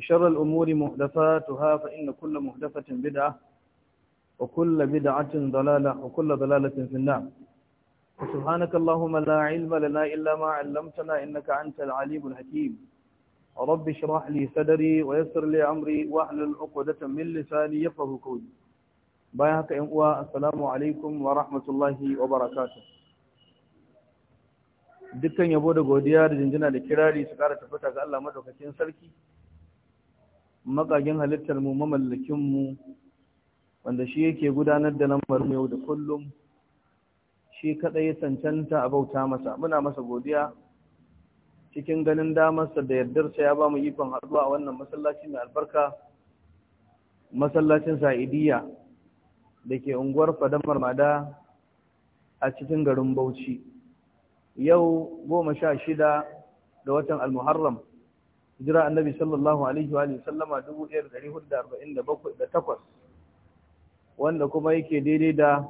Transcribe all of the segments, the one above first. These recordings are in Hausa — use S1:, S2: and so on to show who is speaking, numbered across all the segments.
S1: وشر الأمور محدثاتها فإن كل محدثة بدعة وكل بدعة ضلالة وكل ضلالة في النار سبحانك اللهم لا علم لنا إلا ما علمتنا إنك أنت العليم الحكيم رب اشرح لي صدري ويسر لي أمري واحلل عقدة من لساني يفقهوا قولي بايعك إخوة السلام عليكم ورحمة الله وبركاته dukkan yabo da godiya da jinjina da kirari su kara tabbata ga Allah madaukakin sarki makagin halittar mu mamallakin mu wanda shi yake gudanar da lamarin yau da kullum shi kadai ya cancanta a bauta masa muna masa godiya cikin ganin damarsa da yardarsa ya ba mu ikon haɗuwa a wannan masallaci mai albarka masallacin sa'idiyya da ke unguwar fadamar mada a cikin garin bauchi yau goma sha shida da watan almuharram hijira annabi sallallahu alaihi wa sallama 1447 wanda kuma yake daidai da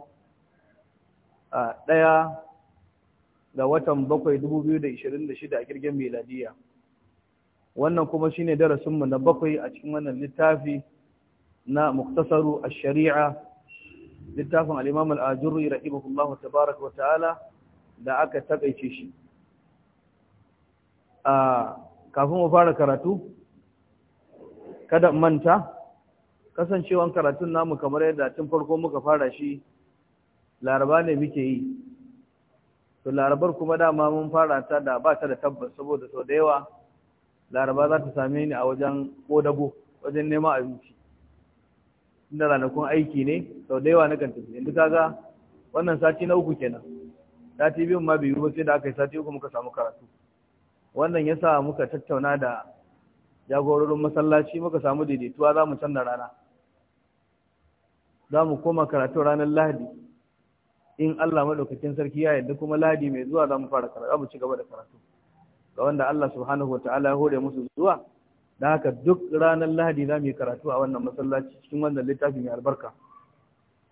S1: a ɗaya ga watan bakwai 2026 a kirgin meladiya wannan kuma shine darasin mu na bakwai a cikin wannan littafi na muktasaru a sharia littafin al-imam al-ajurri rahimahullahu tabaaraka wa ta'ala da aka takaice shi a kafin mu fara karatu kada manta kasancewan karatun namu kamar yadda tun farko muka fara shi laraba ne muke yi to larabar kuma dama mun fara ta da ba ta da tabbas saboda sau da yawa laraba za ta same ni a wajen kodago wajen neman abinci inda ranakun aiki ne sau da yawa na kan tafi yanzu kaga wannan sati na uku kenan sati biyun ma biyu ba sai da aka yi sati uku muka samu karatu wannan ya sa muka tattauna da jagororin masallaci muka samu daidaituwa za mu canza rana za mu koma karatu ranar lahadi in Allah maɗaukakin sarki ya yadda kuma lahadi mai zuwa za mu fara karatu Za mu ci gaba da karatu ga wanda Allah subhanahu wa ta'ala ya hore musu zuwa da haka duk ranar lahadi za mu yi karatu a wannan masallaci cikin wannan littafi mai albarka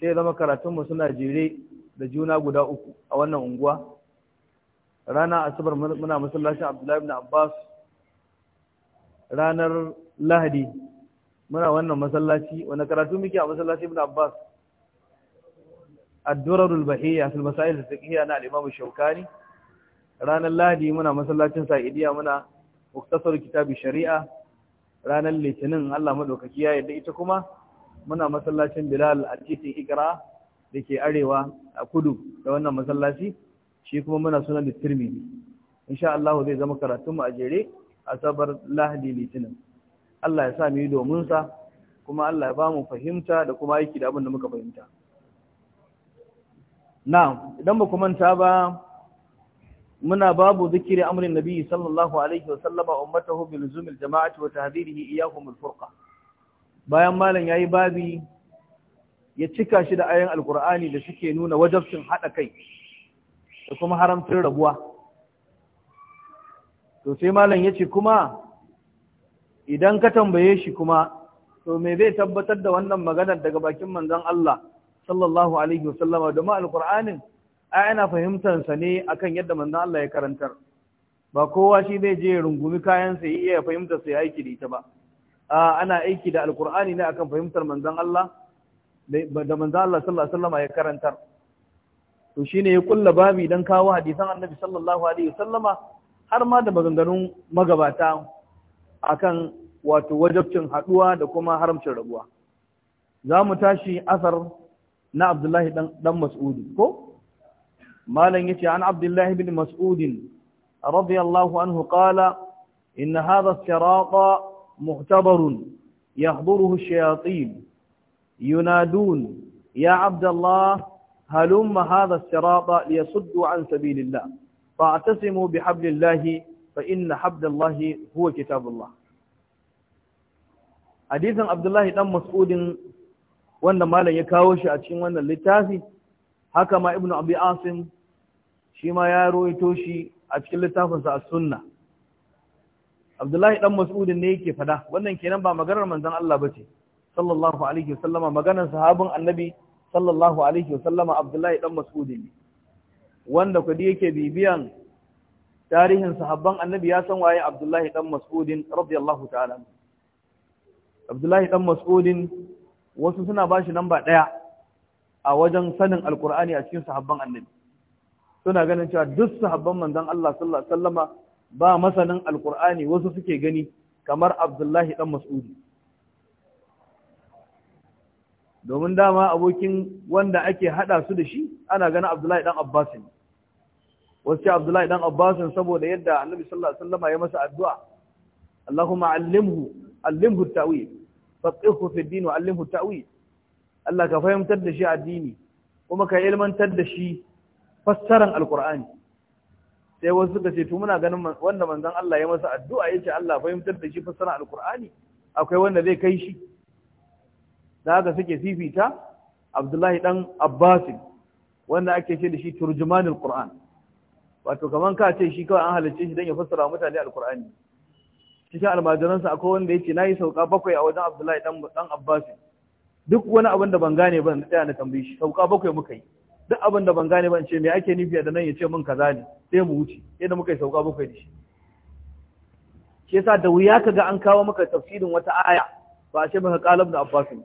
S1: sai zama karatunmu suna jere da juna guda uku a wannan unguwa rana asabar muna masallacin abdullahi ibn abbas ranar lahadi muna wannan masallaci wanda karatu muke a masallaci ibn abbas addurarul bahiyya fil masail fiqhiyya na al-imam shaukani ranar lahadi muna masallacin sa'idiya muna muktasar kitabin shari'a ranar litinin Allah madaukaki ya yadda ita kuma muna masallacin bilal al titin ikra dake arewa a kudu da wannan masallaci shi kuma muna sunan da tirmidhi insha Allah zai zama karatun mu a jere asabar lahadi litinin Allah ya sa mu yi domin sa kuma Allah ya ba mu fahimta da kuma aiki da abin da muka fahimta na'am idan ba manta ba muna babu zikiri amrin nabi sallallahu alaihi wa sallama ummatahu bil zumil jama'ati wa tahdhirihi iyyahum al furqa bayan malam yayi babi ya cika shi da ayan alqur'ani da suke nuna wajabcin hada kai da kuma haramcin rabuwa to sai malam ya ce kuma idan ka tambaye shi kuma to me zai tabbatar da wannan maganar daga bakin manzon Allah sallallahu alaihi da ma alkur'anin ai ina fahimtar sa ne akan yadda manzon Allah ya karantar ba kowa shi zai je rungumi kayan sa ya iya fahimtar sa ya aiki da ita ba a ana aiki da alqur'ani ne akan fahimtar manzon Allah da manzon Allah sallallahu alaihi wasallam ya karantar to shine ya kulla babi dan kawo hadisan annabi sallallahu alaihi wasallama har ma da maganganun magabata akan wato wajabcin haduwa da kuma haramcin rabuwa za mu tashi asar na abdullahi dan dan mas'udi ko malan yace an abdullahi bin mas'ud radiyallahu anhu qala in hadha الصراط muhtabar yahduruhu shayatin ينادون يا عبد الله هلم هذا الصراط ليصدوا عن سبيل الله فاعتصموا بحبل الله فإن حبل الله هو كتاب الله حديث عبد الله بن مسعود wanda malam ya kawo shi a cikin wannan littafi haka ma ibnu abi asim shi ma ya roito shi a cikin littafinsa a sunna abdullahi dan mas'udin ne yake fada wannan kenan ba maganar manzon Allah bace sallallahu alaihi wasallama maganar sahabin annabi sallallahu alaihi wa sallama abdullahi dan mas'udi wanda kudi yake bibiyan tarihin sahabban annabi ya san waye abdullahi dan mas'udin radiyallahu ta'ala abdullahi dan mas'udin wasu suna bashi namba daya a wajen sanin alkur'ani a cikin sahabban annabi suna ganin cewa duk sahabban manzon Allah sallallahu alaihi wasallama ba masanin alkur'ani wasu suke gani kamar abdullahi dan mas'udi domin dama abokin wanda ake hada su da shi ana gani Abdullahi dan Abbas wasu ce Abdullahi dan Abbas saboda yadda Annabi sallallahu alaihi wasallam ya masa addu'a Allahumma allimhu allimhu at-ta'wil faqihhu fi din wa allimhu at-ta'wil Allah ka fahimtar da shi addini kuma ka ilmantar da shi fassaran alqur'ani sai wasu suka ce to muna ganin wanda manzon Allah ya masa addu'a yace Allah fahimtar da shi fassaran alqur'ani akwai wanda zai kai shi da haka suke fifita abdullahi dan abbasin wanda ake ce da shi turjumanul qur'an wato kaman ka ce shi kawai an halarci shi dan ya fassara mutane alqur'ani cikin almajiransa akwai wanda na nayi sauka bakwai a wajen abdullahi dan dan abbasin duk wani abin da ban gane ba na tsaya na tambaye shi sauka bakwai muka yi duk abin da ban gane ba ce me ake nufi da nan ya ce min kaza ne sai mu wuce yadda muka yi sauka bakwai da shi shi yasa da wuya kaga an kawo maka tafsirin wata aya ba a ce maka qalab da abbasin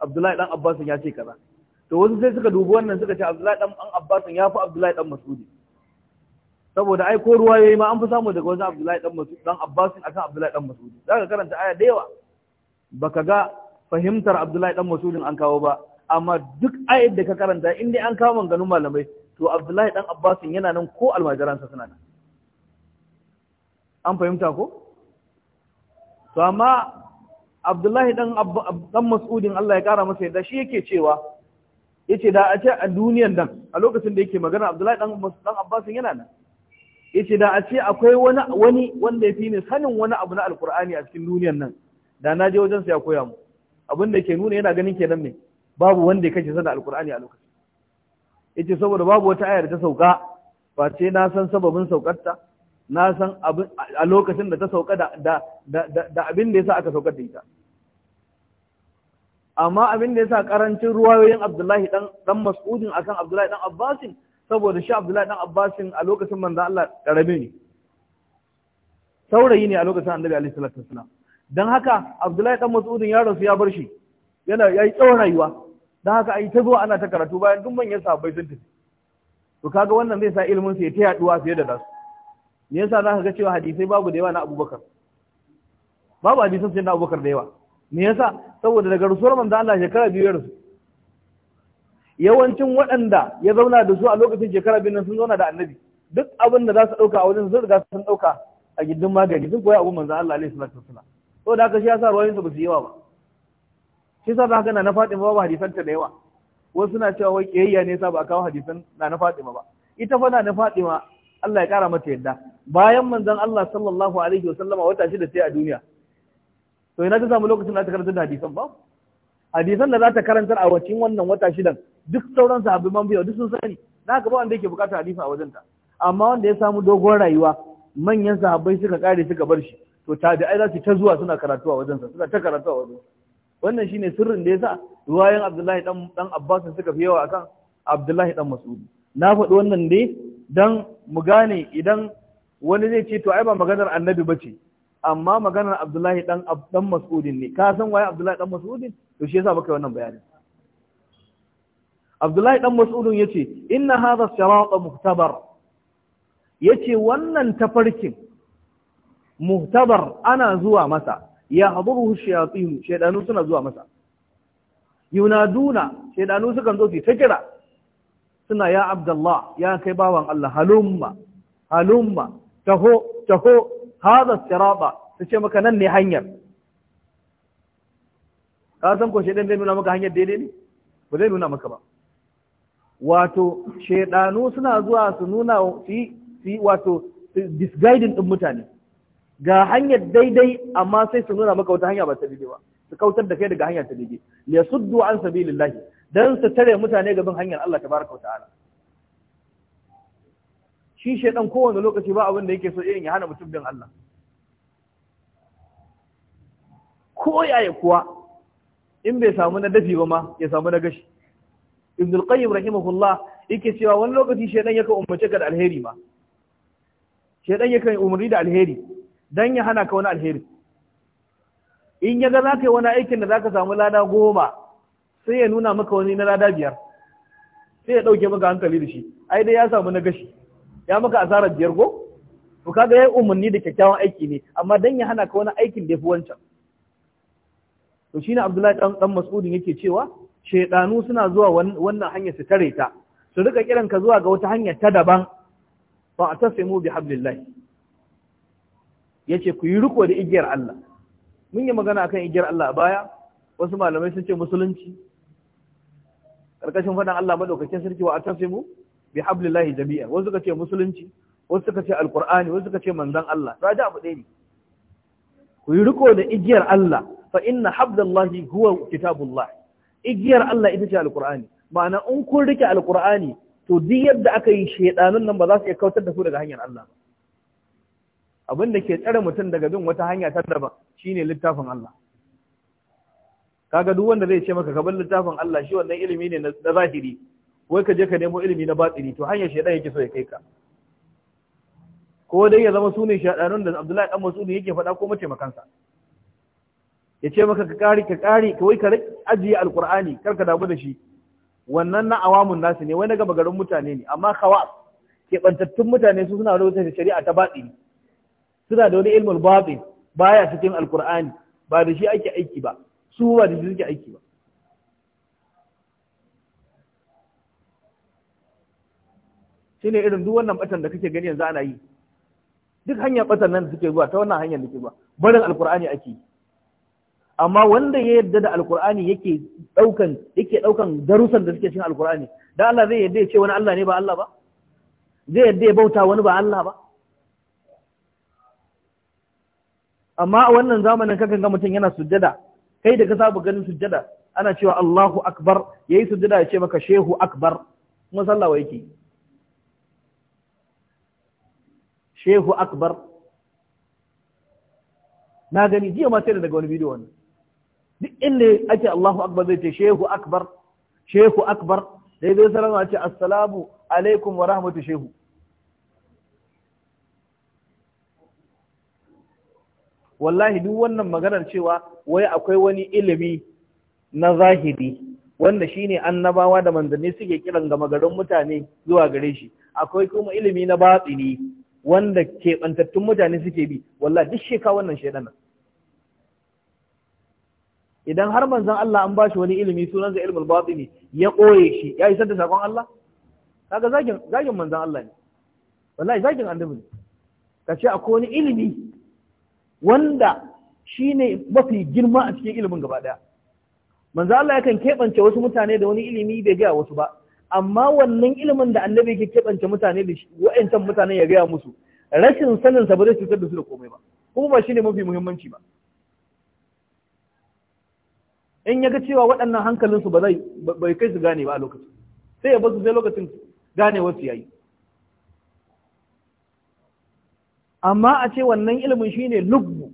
S1: Abdullahi dan Abbas ya ce kaza to wasu sai suka dubi wannan suka ce Abdullahi dan Abbas ya fi Abdullahi dan Mas'udi. saboda ai ko ruwa yayi ma an fi samu daga wajen Abdullahi dan Mas'udi dan Abbas akan Abdullahi dan Mas'ud zaka karanta aya da yawa baka ga fahimtar Abdullahi dan masudi an kawo ba amma duk ayar da ka karanta in dai an kawo maganganun malamai to Abdullahi dan Abbas yana nan ko almajiransa suna nan an fahimta ko to amma abdullahi dan dan mas'udin Allah ya kara masa yadda shi yake cewa yace da a ce a duniyan nan a lokacin da yake magana abdullahi dan dan abbas yana nan yace da a ce akwai wani wani wanda ya fi ni sanin wani abu na alqur'ani a cikin duniyan nan da na je wajen sa ya koya mu abin da ke nuna yana ganin kenan ne babu wanda ya kace sanin alqur'ani a lokacin yace saboda babu wata ayar ta sauka ba ce na san sababin ta, na san a lokacin da ta sauka da abin da ya sa aka saukar da ita amma abin da sa karancin ruwayoyin Abdullahi dan dan Mas'udin akan Abdullahi dan Abbasin saboda shi Abdullahi dan Abbasin a lokacin manzo Allah karami ne saurayi ne a lokacin Annabi alaihi salatu wasalam dan haka Abdullahi dan Mas'udin ya rasu ya bar shi yana yayi tsawon rayuwa dan haka ai ta zo ana ta karatu bayan duk manyan sahabbai sun tafi to kaga wannan zai sa ilimin sa ya ta yaduwa fiye da nasu me yasa zaka ga cewa hadisai babu da yawa na Abubakar babu hadisan sai na Abubakar da yawa me yasa saboda daga rusuwar manzo Allah shekara biyu ya yawancin waɗanda ya zauna da su a lokacin shekara biyu nan sun zauna da annabi duk abin da za su ɗauka a wajen sun riga sun ɗauka a gindin magani sun koya abin manzo Allah alaihi salatu wasalam to da haka shi yasa ruwayin su ba su yawa ba shi yasa haka na na Fatima ba hadisan ta da yawa wasu suna cewa wai kiyayya ne sa ba kawo hadisan na na Fatima ba ita fa na na Fatima Allah ya kara mata yadda bayan manzon Allah sallallahu alaihi wasallama wata shida sai a duniya to ina ta samu lokacin da ta karanta da hadisan ba hadisan da za ta karantar a wacin wannan wata shidan duk sauran sahabbai man biyo duk sun sani na ka ba wanda yake bukata hadisa a wajenta. amma wanda ya samu dogon rayuwa manyan sahabbai suka kare suka bar shi to tabi'ai za su ta zuwa suna karatu a wajensa suna ta karatu a wajensa wannan shine sirrin da ya sa ruwayan Abdullahi dan dan Abbas suka fi yawa akan Abdullahi dan Mas'ud na faɗi wannan ne dan mu gane idan wani zai ce to ai ba maganar annabi ba ce. amma maganar Abdullahi dan dan Mas'udin ne ka san waye Abdullahi dan Mas'udin to shi yasa baka wannan bayanin Abdullahi dan Mas'udin yace inna hadha sirata muhtabar yace wannan tafarkin muhtabar ana zuwa masa ya haduruhu shayatin shaydanu suna zuwa masa yunaduna shaydanu sukan zo su ta kira suna ya Abdullah ya kai bawan Allah halumma halumma taho taho hadha sirata su ce maka nan ne hanyar ka san ko shedan zai nuna maka hanyar daidai ne ba zai nuna maka ba wato shedanu suna zuwa su nuna su yi wato disguiding din mutane ga hanyar daidai amma sai su nuna maka wata hanya ba ta daidai ba su kautar da kai daga hanyar ta daidai li suddu an sabilillahi dan su tare mutane gaban hanyar Allah tabaraka wa ta'ala shi shaidan kowane lokaci ba abin da yake so irin ya hana mutum bin Allah ko yaya kuwa in bai samu na dafi ba ma ya samu na gashi ibn al-qayyim rahimahullah yake cewa wani lokaci shaidan yakan umarce ka da alheri ma shaidan yakan umarni da alheri dan ya hana ka wani alheri in ya ga za ka yi wani aikin da za ka samu lada goma sai ya nuna maka wani na lada biyar sai ya ɗauke maka hankali da shi ai dai ya samu na gashi ya maka asarar biyar ko to kaga yayi umarni da kyakkyawan aiki ne amma dan ya hana ka wani aikin da yafi wancan to ne Abdullahi dan dan Mas'udin yake cewa shedanu suna zuwa wannan hanya su tare ta su rika kiran ka zuwa ga wata hanya ta daban fa atasimu bihablillah yace ku yi riko da igiyar Allah mun yi magana akan igiyar Allah a baya wasu malamai sun ce musulunci karkashin fadan Allah madaukakin sarki wa atasimu bi hablillahi jami'a wasu suka ce musulunci wasu suka ce alqur'ani wasu suka ce manzon Allah to da abu ɗaya ne ku yi riko da igiyar Allah fa inna hablallahi huwa kitabullah igiyar Allah ita ce alqur'ani ma'ana in kun rike alqur'ani to duk yadda aka yi shedanun nan ba za su iya kautar da su daga hanyar Allah ba abin da ke tsare mutum daga bin wata hanya ta daban shine littafin Allah kaga duk wanda zai ce maka gaban littafin Allah shi wannan ilimi ne na zahiri wai ka je ka nemo ilimi na batsiri to hanyar shaidan yake so ya kai ka ko dai ya zama sunan shaɗanun da Abdullahi dan Mas'ud yake faɗa ko mace makansa ya ce maka ka kari ka kari ka wai ka ajiye alqur'ani kar ka damu da shi wannan na awamun nasu ne wai na gama garin mutane ne amma khawas keɓantattun mutane su suna rubuta da shari'a ta batsiri suna da wani ilmul batsi baya cikin alkur'ani ba da shi ake aiki ba su ba da shi suke aiki ba shine irin duk wannan batan da kake gani yanzu ana yi duk hanyar batan nan da suke zuwa ta wannan hanyar da ke zuwa barin alkur'ani ake amma wanda ya yarda da alkur'ani yake daukan yake daukan darussan da suke cikin alkur'ani dan Allah zai yarda ya ce wani Allah ne ba Allah ba zai yarda ya bauta wani ba Allah ba amma a wannan zamanin kakan ga mutum yana sujjada kai da ka saba ganin sujjada ana cewa Allahu akbar yayi sujjada ya ce maka shehu akbar kuma sallawa yake shehu akbar na gani jiya ma sai daga wani bidiyo wannan duk inda ake Allahu akbar zai ce shehu akbar shehu akbar dai zai salama ce assalamu alaikum wa rahmatu shehu wallahi duk wannan maganar cewa wai akwai wani ilimi na zahiri wanda shine annabawa da manzanni suke kiran gama garin mutane zuwa gare shi akwai kuma ilimi na batsini wanda keɓantattun mutane suke bi wallah duk sheka wannan shaidana. idan har manzon Allah an ba shi wani ilimi sunan ilimin baɗi ne, ya ɓoye shi ya isar da saƙon Allah kaga zagin zagin manzon Allah ne wallahi zagin annabi ne kace akwai wani ilimi wanda shine mafi girma a cikin ilimin gaba ɗaya. manzon Allah yakan keɓance wasu mutane da wani ilimi bai gaya wasu ba amma wannan ilimin da annabi ke keɓance mutane da shi wa'ancan mutane ya gaya musu rashin sanin sa ba zai cutar da su da komai ba kuma ba shine mafi muhimmanci ba in ya ga cewa waɗannan hankalinsu ba zai bai kai su gane ba a lokacin sai ya ba su sai lokacin gane wasu yayi amma a ce wannan ilimin shine lubbu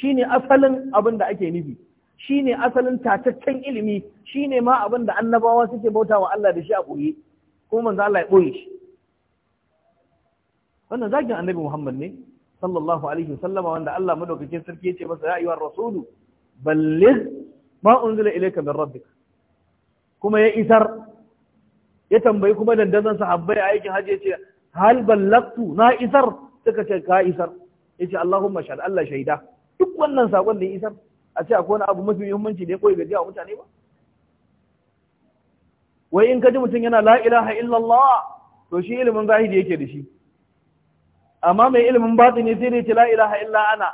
S1: shine asalin abin da ake nufi Shi ne asalin tataccen ilimi shine ma abin da annabawa suke bauta wa Allah da shi a ɓoye kuma manzo Allah ya ɓoye shi wannan zagin annabi Muhammad ne sallallahu alaihi wasallama wanda Allah madaukakin sarki yace masa ya ayyuhar rasulu balligh ma unzila ilayka min rabbik kuma ya isar ya tambayi kuma dandazon sahabbai a aikin hajji yace hal ballagtu na isar suka ce ka isar yace Allahumma shahad Allah shaida duk wannan sakon da ya isar a ce akwai wani abu mafi muhimmanci da ya koyi gajiya wa mutane ba wai in ka ji mutum yana la ilaha illallah to shi ilimin zahiri yake da shi amma mai ilimin batini sai dai ce la ilaha illa ana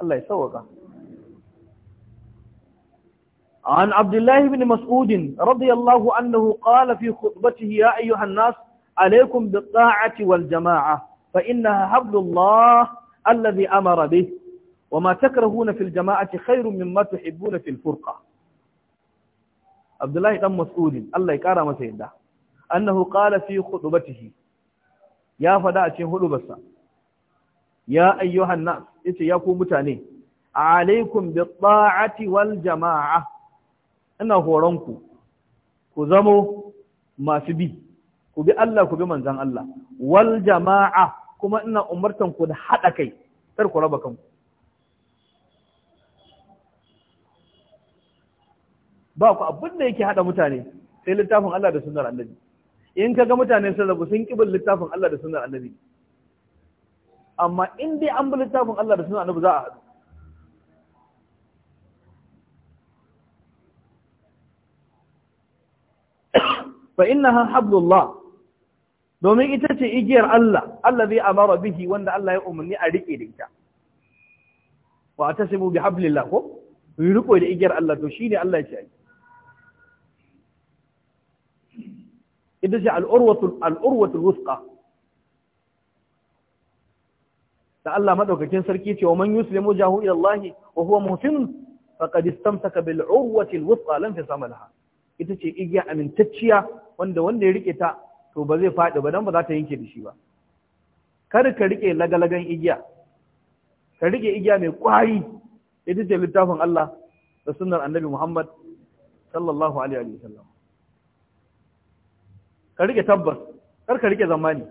S1: Allah ya sauka عن عبد الله بن مسعود رضي الله عنه قال في خطبته يا أيها الناس عليكم بالطاعة والجماعة فإنها حبل الله الذي أمر به وما تكرهون في الجماعة خير مما تحبون في الفرقة عبد الله بن مسعود الله يكرمه سيدا أنه قال في خطبته يا فداء خطبته يا أيها الناس إنت يا كو متاني عليكم بالطاعة والجماعة ina horonku ku zamo masu bi ku bi Allah ku bi manzan Allah wal jama'a kuma ina umartan ku da haɗa kai kar ku raba kanku ba ku abin da yake hada mutane sai littafin Allah da sunnar annabi in kaga mutane sun rabu sun kibin littafin Allah da sunnar annabi amma in dai an bi littafin Allah da sunnar annabi za a haɗu fa innaha hablullah domin ita ce igiyar Allah Allah zai amara bihi wanda Allah ya umarni a rike da ita wa atasibu bi hablillah ko riko da igiyar Allah to shine Allah ya ce ita ce al'urwatul wuska da Allah maɗaukakin sarki cewa man yuslimu jahu ila Allah wa huwa muhsin faqad istamsaka bil urwati al ita ce igiya amintacciya wanda wanda ya rike ta to ba zai faɗi ba dan ba za ta yanke da shi ba kar ka rike lagalagan igiya ka rike igiya mai kwari ita ce littafin Allah da sunnar annabi Muhammad sallallahu alaihi wa sallam ka rike tabbas kar ka rike zamani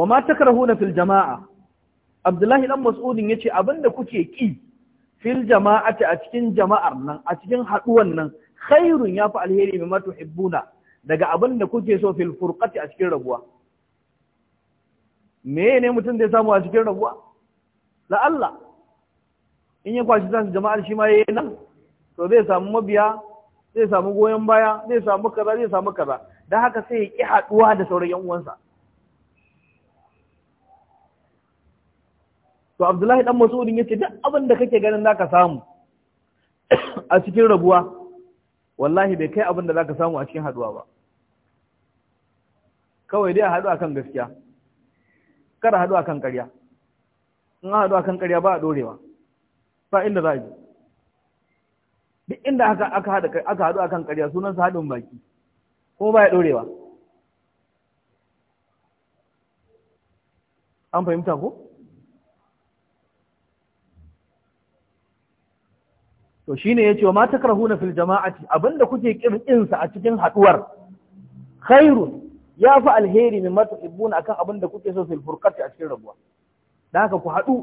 S1: wa ma takrahuna fil jama'a Abdullahi dan Mas'udin yace abinda kuke ki fil jama'ati a cikin jama'ar nan a cikin haduwan nan khairun yafi alheri mimma tuhibbuna daga abinda kuke so fil furqati a cikin rabuwa me ne mutum zai samu a cikin rabuwa la Allah in ya kwashi zan jama'ar shi ma yayin nan to zai samu mabiya zai samu goyon baya zai samu kaza zai samu kaza don haka sai ya ƙi haɗuwa da sauran yan uwansa to abdullahi dan mas'udin yace duk abin da kake ganin zaka samu a cikin rabuwa wallahi bai kai abin da zaka samu a cikin haɗuwa ba kawai dai a haɗu akan gaskiya kada haɗu akan ƙarya in haɗu akan ƙarya ba a ɗorewa fa inda za a yi. duk inda haka aka hada aka hadu akan ƙarya sunan sa hadin baki ko ya dorewa an fahimta ko to shine ya ce wa ma takrahuna fil jama'ati abinda kuke kirin sa a cikin haɗuwar khairun ya fi alheri min mata ibuna akan abinda kuke so fil furqati a cikin rabuwa da haka ku haɗu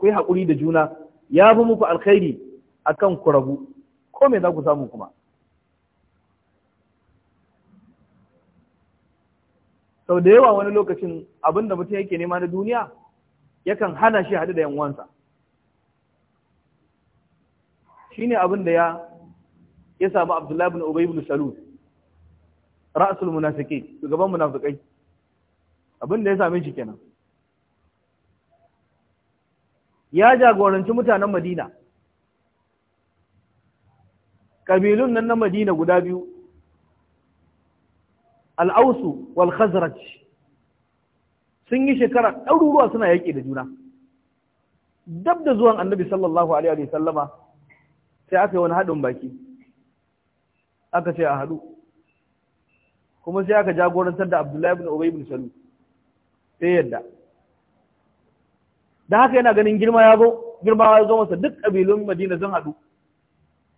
S1: ku yi haƙuri da juna ya fi muku alkhairi akan ku rabu ko me za ku samu kuma sau da yawa wani lokacin abinda mutum yake nema na duniya yakan hana shi haɗu da yan uwansa ne abin da ya ya Abdullahi bin obayi bin Salul ra'sul munafiqin shugaban munafikai abin da ya same shi kenan ya jagoranci mutanen Madina ƙabilun nan na madina guda biyu al'ausu wal khazraj sun yi shekara ɗaruruwa suna yaƙi da juna dab da zuwan annabi sallallahu alaihi wa sallama sai aka yi wani haɗin baki aka ce a haɗu kuma sai aka jagorantar da abdullahi ibn ubay ibn salul sai yadda da haka yana ganin girma ya zo girma ya zo masa duk ƙabilun madina sun haɗu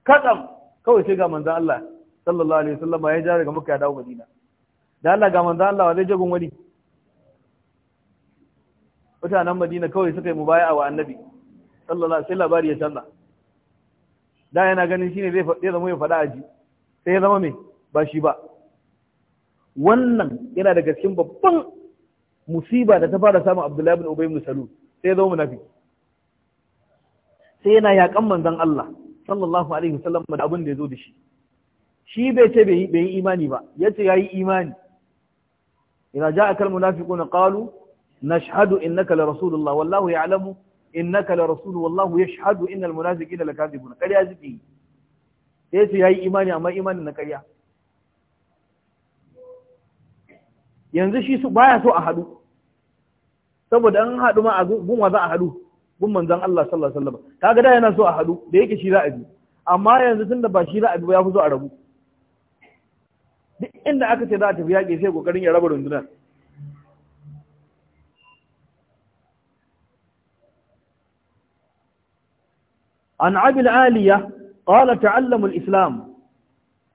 S1: katsam kawai sai ga manzan Allah sallallahu alaihi wasallam ya ja daga Makka ya dawo Madina da Allah ga manzan Allah zai jagon wani mutanen Madina kawai suka yi mubaya'a wa Annabi sallallahu alaihi wasallam labari ya canza da yana ganin shine zai zai zama ya faɗa aji sai ya zama me ba shi ba wannan yana daga cikin babban musiba da ta fara samun Abdullahi ibn Ubay ibn Salul sai ya zama munafiki sai yana yakan manzon Allah sallallahu alaihi wasallam da abin da ya zo da shi shi bai ce bai yi imani ba ya ce ya yi imani idan ja akal munafiquna qalu nashhadu innaka la rasulullah wallahu ya ya'lamu innaka la rasul wallahu na yashhadu innal munafiqina lakadibun kariya ziki sai ce yi imani amma imanin na kariya yanzu shi su baya so a haɗu. saboda an haɗu ma a gunwa za a haɗu. gun manzon Allah sallallahu alaihi wasallam kaga da yana so a hadu da yake shi za amma yanzu tunda ba shi za a ya fi so a rabu duk inda aka ce za a tafi yaƙi sai kokarin ya raba rundunar عن أبي العالية قال تعلموا الإسلام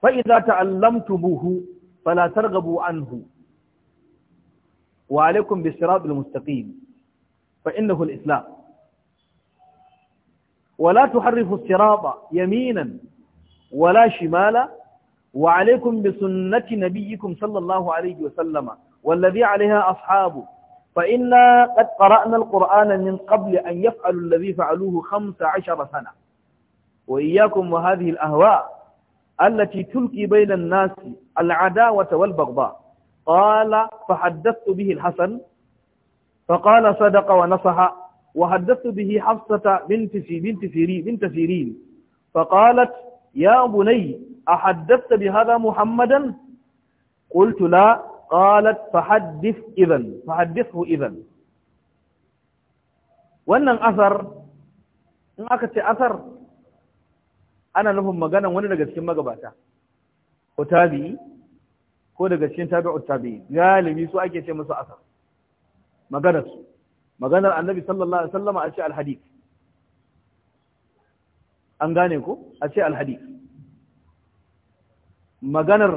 S1: فإذا تعلمتموه فلا ترغبوا عنه وعليكم بالصراط المستقيم فإنه الإسلام ولا تحرفوا الصراط يمينا ولا شمالا وعليكم بسنة نبيكم صلى الله عليه وسلم والذي عليها أصحابه فإنا قد قرأنا القرآن من قبل أن يفعلوا الذي فعلوه خمس عشر سنة وإياكم وهذه الأهواء التي تلقي بين الناس العداوة والبغضاء قال فحدثت به الحسن فقال صدق ونصح وحدثت به حفصة بنت بنت سيرين بنت سيرين فقالت يا بني أحدثت بهذا محمدا قلت لا قالت فحدث إذا فحدثه إذا وأن الأثر ما أكت أثر أنا لهم مجانا وأنا لقد كم جبته وتابي كود قد شين تابع التابي قال لي سؤال كيف مسأثر مجانا maganar annabi sallallahu alaihi wasallam a ce alhadith an gane ku a ce alhadith maganar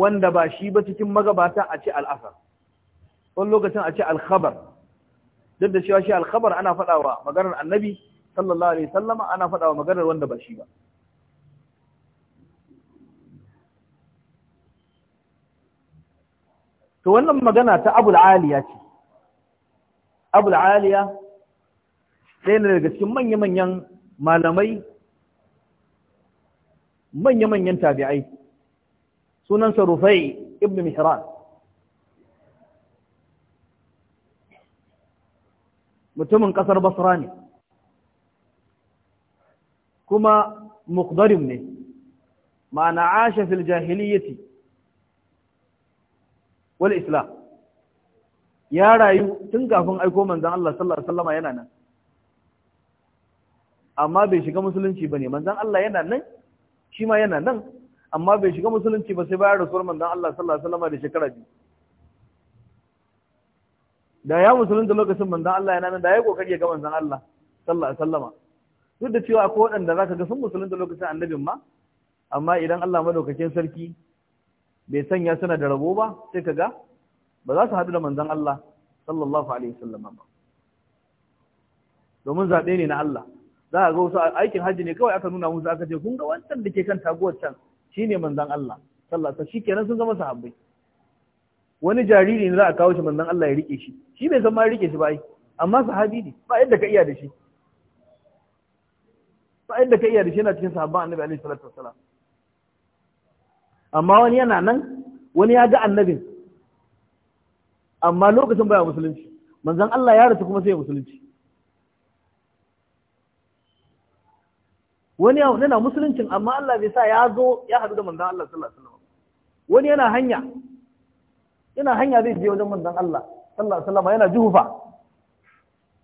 S1: wanda ba shi ba cikin magabata a ce al'asar wani lokacin a ce alkhabar duk da cewa shi alkhabar ana faɗawa maganar annabi sallallahu alaihi sallama ana faɗawa maganar wanda ba shi ba to wannan magana ta abul aliya ce abul aliya ɗaya ne daga cikin manya-manyan malamai manya-manyan tabi'ai sunansa rufai ibn mihran mutumin ƙasar basra ne kuma muqdarim ne ma'ana ashe fil jahiliyyati wal islam ya rayu tun kafin aiko manzan Allah sallallahu alaihi wasallam yana nan amma bai shiga musulunci bane manzan Allah yana nan shi ma yana nan amma bai shiga musulunci ba sai bayan rasuwar manzan Allah sallallahu alaihi wasallam da shekara biyu da ya musulunta lokacin manzan Allah yana nan da ya kokari ya ga manzan Allah sallallahu alaihi wasallam duk da cewa akwai waɗanda zaka ga sun musulunta lokacin annabin ma amma idan Allah madaukakin sarki bai sanya suna da rabo ba sai ka ga ba za su haɗu da manzan Allah sallallahu alaihi wasallam ba domin zaɓe ne na Allah za a ga wasu aikin hajji ne kawai aka nuna musu aka ce kun ga wancan da ke kan taguwar can shine manzan Allah sallallahu alaihi wasallam shikenan sun zama sahabbai wani jariri ne za a kawo shi manzan Allah ya rike shi shi bai san ma ya rike shi ba yi. amma sahabi ne ba yadda ka iya da shi ba yadda ka iya da shi yana cikin sahabban annabi alaihi salatu wasallam amma wani yana nan wani ya ga annabin amma lokacin baya musulunci manzon Allah ya rasu kuma sai ya musulunci wani yana musuluncin amma Allah bai sa ya zo ya haɗu da manzon Allah sallallahu alaihi wasallam wani yana hanya yana hanya zai je wajen manzon Allah sallallahu alaihi wasallam yana juhufa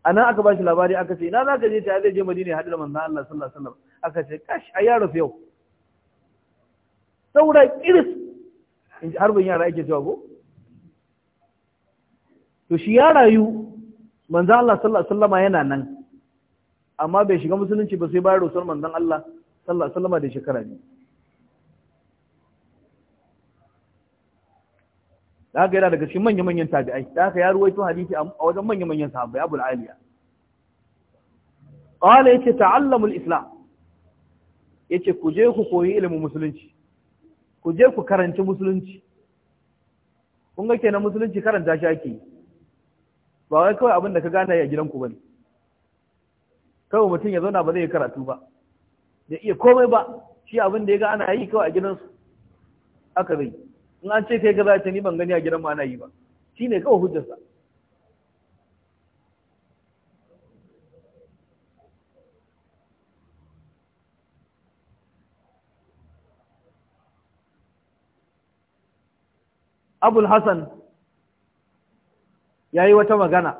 S1: anan aka bashi labari aka ce ina za ka je ta zai je Madina ya haɗu da manzon Allah sallallahu alaihi wasallam aka ce kash a rufe yau saura iris in ji harbin yara ake cewa ko to shi ya rayu manzan Allah sallallahu alaihi wasallama yana nan amma bai shiga musulunci ba sai bayan rusar manzan Allah sallallahu alaihi wasallama da shekara ne da haka yana daga cikin manya-manyan tabi'ai da haka ya ruwaito hadisi a wajen manya-manyan sahabbai abul aliya qala yace ta'allamul islam yace ku je ku koyi ilimin musulunci ku je ku karanci musulunci kun ga kenan musulunci karanta shi ake yi ba wai kawai abin da ka gane a gidanku ne. kawai mutum ya zauna ba zai karatu ba Ya iya komai ba shi abin da ya ga ana yi kawai a gidansu aka zai in an ce kai kaza ce ni ban gani a gidan ma ana yi ba shine kawai hujjarsa abul hassan ya yi wata magana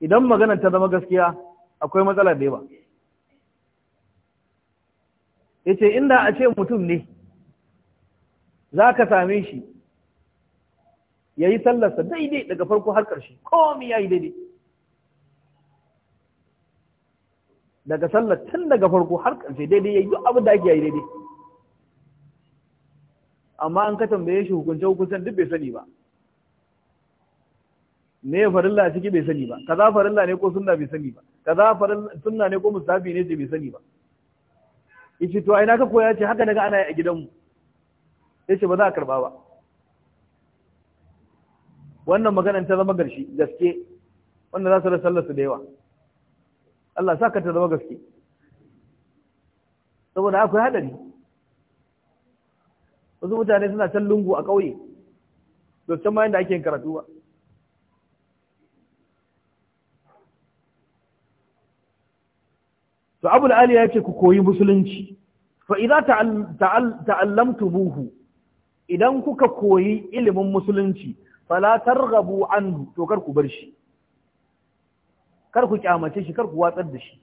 S1: idan maganar ta zama gaskiya akwai matsala da yawa ya ce inda a ce mutum ne za ka same shi ya yi sallarsa daidai daga farko har ƙarshe komi ya yi daidai daga sallar tun daga farko har ƙarshe daidai ya yi abin da ake yi daidai amma an ka tambaye shi hukunce hukuncen duk bai sani ba Ne farilla a ciki bai sani ba kaza farilla ne ko sunna bai sani ba kaza farilla sunna ne ko musafi ne ce bai sani ba yace to a ina ka koya ce haka daga ana a gidanmu yace ba za a karba ba wannan maganar ta zama garshi gaske wannan za su da sallar su da yawa Allah sa ka ta zama gaske saboda akwai hadari wasu mutane suna can lungu a ƙauye to can ma yadda ake yin karatu ba to abul ali ya ce ku koyi musulunci fa idza ta'allamtubuhu idan kuka koyi ilimin musulunci fa la targhabu anhu to kar ku bar shi kar ku kyamace shi kar ku watsar da shi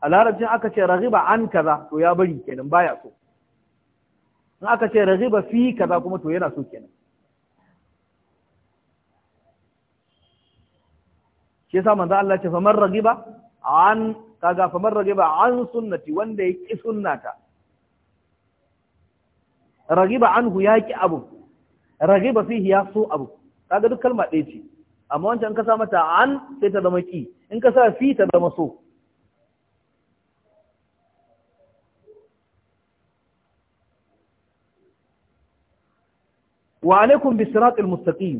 S1: a larabcin aka ce raghiba an kaza to ya bari kenan baya so in aka ce raghiba fi kaza kuma to yana so kenan shi yasa manzo Allah ce fa man raghiba an kaga fa man ragiba an sunnati wanda ya ki sunnata ragiba anhu ya ki abu ragiba fihi ya so abu kaga duk kalma ɗaya ce amma wancan ka sa mata an sai ta zama ki in ka sa fi ta zama so wa alaikum bisiratil mustaqim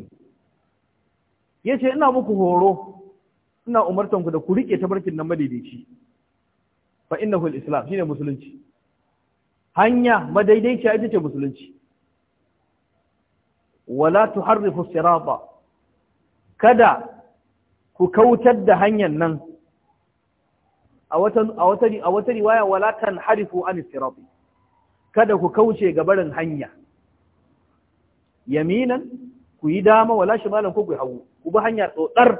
S1: yace ina muku horo ina umartan ku da ku rike tabarkin nan madaidaici fa innahu al-islam shine musulunci hanya madaidaiciya ita ce musulunci wala tuharrifu sirata kada ku kautar da hanyar nan a wata a wata a wata riwaya wala tanharifu an sirati kada ku kauce ga barin hanya yaminan ku yi dama wala shimalan ku ku hagu ku bi hanya tsotsar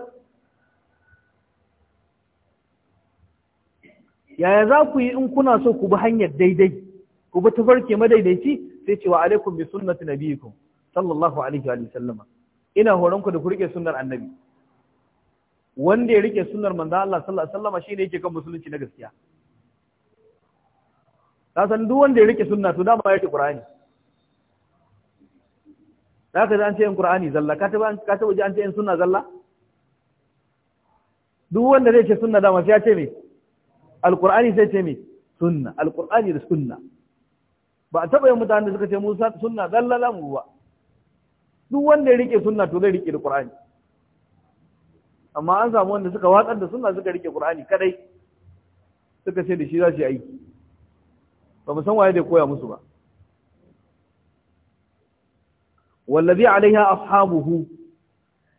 S1: yaya za ku yi in kuna so ku bi hanyar daidai ku bi tafarki madaidaici sai ce wa alaikum bi sunnati nabiyikum sallallahu alaihi wa sallama ina horon ku da ku rike sunnar annabi wanda ya rike sunnar manzo Allah sallallahu alaihi wasallama shine yake kan musulunci na gaskiya ka san duk wanda ya rike sunna to dama ya rike qur'ani za ka ji an ce in qur'ani zalla ka ta ka ta an ce in sunna zalla duk wanda zai ce sunna dama sai ya ce me alkur'ani sai ce mai sunna alkur'ani da sunna ba a taɓa yin mutane da suka ce musa sunna zallala mu ba duk wanda ya rike sunna to zai rike da ƙur'ani. amma an samu wanda suka watsar da sunna suka rike ƙur'ani kadai suka ce da shi za su yi aiki ba mu san waye da koya musu ba wallazi alaiha ashabuhu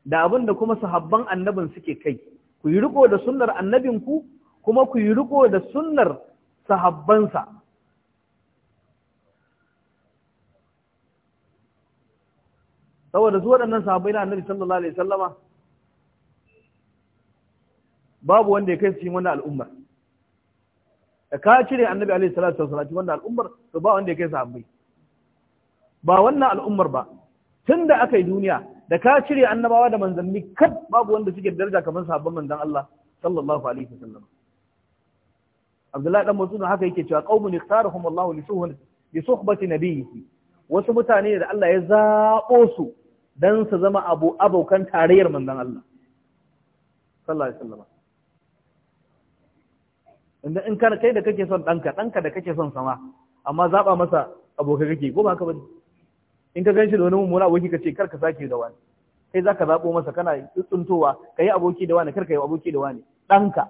S1: da abin da kuma sahabban annabin suke kai ku yi riko da sunnar annabinku kuma ku yi riko da sunnar sahabbansa saboda su waɗannan sahabbai na annabi sallallahu alaihi sallama babu wanda ya kai su cikin wannan al'ummar da ka cire annabi alaihi sallallahu Alaihi cikin wannan al'ummar to ba wanda ya kai sahabbai ba wannan al'ummar ba tun da aka yi duniya da ka cire annabawa da manzanni kad babu wanda suke daraja kamar sahabban manzan Allah sallallahu alaihi wasallam Abdullahi dan Mas'ud haka yake cewa qaumun ikhtarahum Allahu li suhbati li suhbati nabiyhi wasu mutane da Allah ya zabo su dan su zama abu abokan tarayyar manzon Allah sallallahu alaihi wasallam inda in kar kai da kake son danka danka da kake son sama amma zaba masa abokan kake ko ba haka bane in ka ganshi da wani mummuna aboki ka ce kar ka sake da wani kai zaka zabo masa kana tsuntowa kai aboki da wani kar kai aboki da wani danka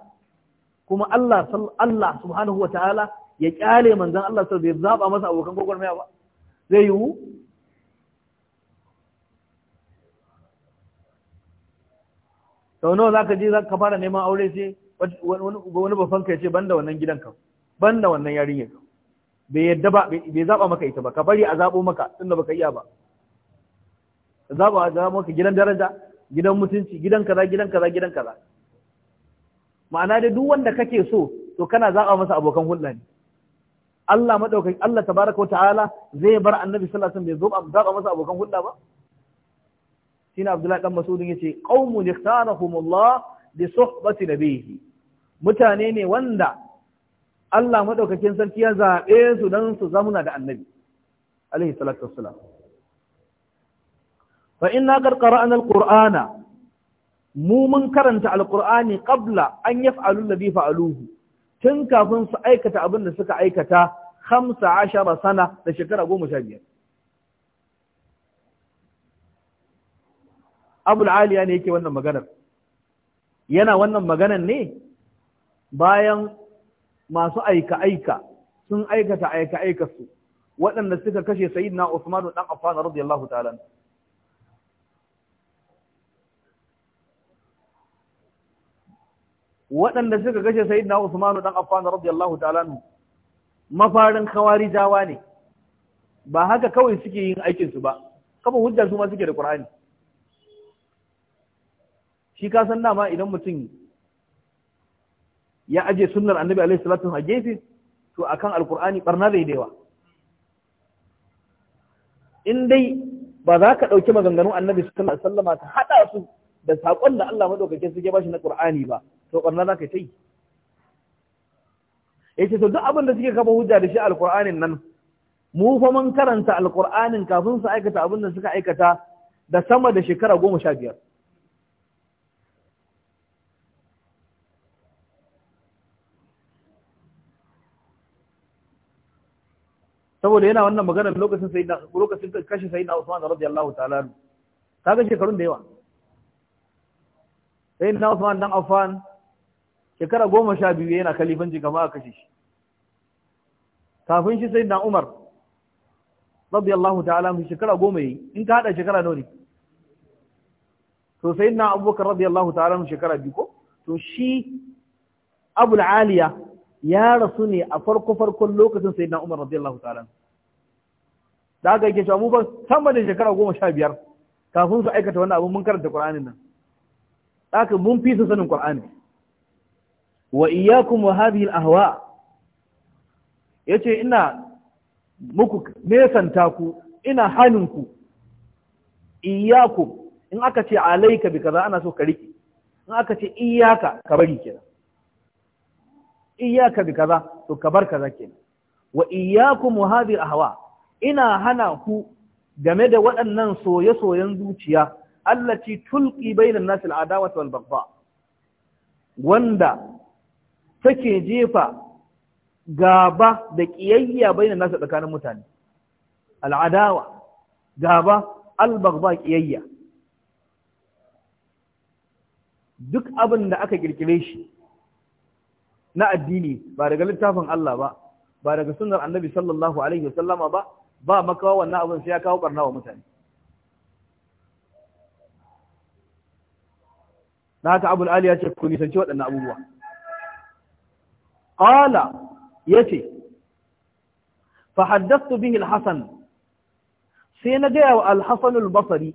S1: kuma Allah Allah subhanahu wataala ya kyale manzon Allah sai bai zaba masa abokan gwagwarmaya ba zai yiwu to no zaka je zaka fara neman aure sai wani babban ka ce banda wannan gidan ka banda wannan yarinya. ka bai yadda ba bai zaba maka ita ba ka bari a zabo maka tunda baka iya ba zaba a zaba maka gidan daraja gidan mutunci gidan kaza gidan kaza gidan kaza ma'ana da duk wanda kake so to kana zaɓa masa abokan hulɗa ne Allah madaukaki Allah tabaraka ta'ala zai bar annabi sallallahu alaihi wasallam bai zaɓa masa abokan hulɗa ba shine Abdullahi dan Mas'ud yace qaumun ikhtarahumullah bi suhbati nabihi mutane ne wanda Allah madaukakin sarki ya zabe su dan su zamuna da annabi alaihi salatu wassalam fa inna qad qara'na alqur'ana mu mun karanta Alkur'ani qabla an yaf'alu alladhi fa'aluhu tun kafin su aikata abin da suka aikata 15 sana da shekara biyar. Abul Aliya ne yake wannan maganar yana wannan maganar ne bayan masu aika-aika sun aikata aika-aika su waɗanda suka kashe sayyidina Usman dan Affan radiyallahu ta'ala waɗanda suka kashe sayyidina Usman dan Affan radiyallahu ta'ala nu mafarin jawa ne ba haka kawai suke yin aikin ba kafa hujja su ma suke da Qur'ani shi ka san dama idan mutum ya aje sunnar Annabi alaihi salatu a gefe to akan alqur'ani barna zai daiwa in dai ba za ka ɗauki maganganun Annabi sallallahu alaihi wasallama ta haɗa su da saƙon da Allah madaukake suke bashi na Qur'ani ba to ƙarna za ka ta yi ya ce to duk abin da suke kafa hujja da shi alƙur'anin nan mu fa mun karanta alƙur'anin kafin su aikata abin da suka aikata da sama da shekara goma sha biyar saboda yana wannan maganar lokacin sayyidina lokacin kashe na Usman radiyallahu ta'ala ga shekarun da yawa Sai na Usman dan Affan shekara goma sha biyu yana kalifanci kama a kashe shi kafin shi sai na umar rabbi allahu ta'ala mu shekara goma yi in ka hada shekara nawa ne to sai na abubakar rabbi allahu ta'ala mu shekara biyu ko to shi abul aliya ya rasu ne a farko farkon lokacin sai na umar rabbi allahu ta'ala da aka yake cewa mu ba sama da shekara goma sha biyar kafin su aikata wannan abin mun karanta qur'anin nan da aka mun fi su sanin qur'ani wa iyakun wa hadhihi al-ahwa yace ina muku nesanta ku ina hanin ku in aka ce alayka bi kaza ana so ka riƙe. in aka ce iyaka ka bari kenan iyaka bi kaza to ka bar kaza kenan wa iyakun wa hadhihi al-ahwa ina hana ku game da waɗannan soye-soyen zuciya allati tulqi bainan nas al-adawati wal baghdha wanda take jefa gaba da ƙiyayya bai nasa tsakanin mutane al'adawa gaba albagba ƙiyayya duk abin da aka ƙirƙire shi na addini ba daga littafin Allah ba ba daga sunar annabi sallallahu alaihi wasallama ba ba makawa wannan abin sai ya kawo ɓarna wa mutane na haka abul ali ya ce ku nisanci waɗannan abubuwa qala yace fa haddathtu bihi al-hasan sai na gaya wa al-hasan al-basri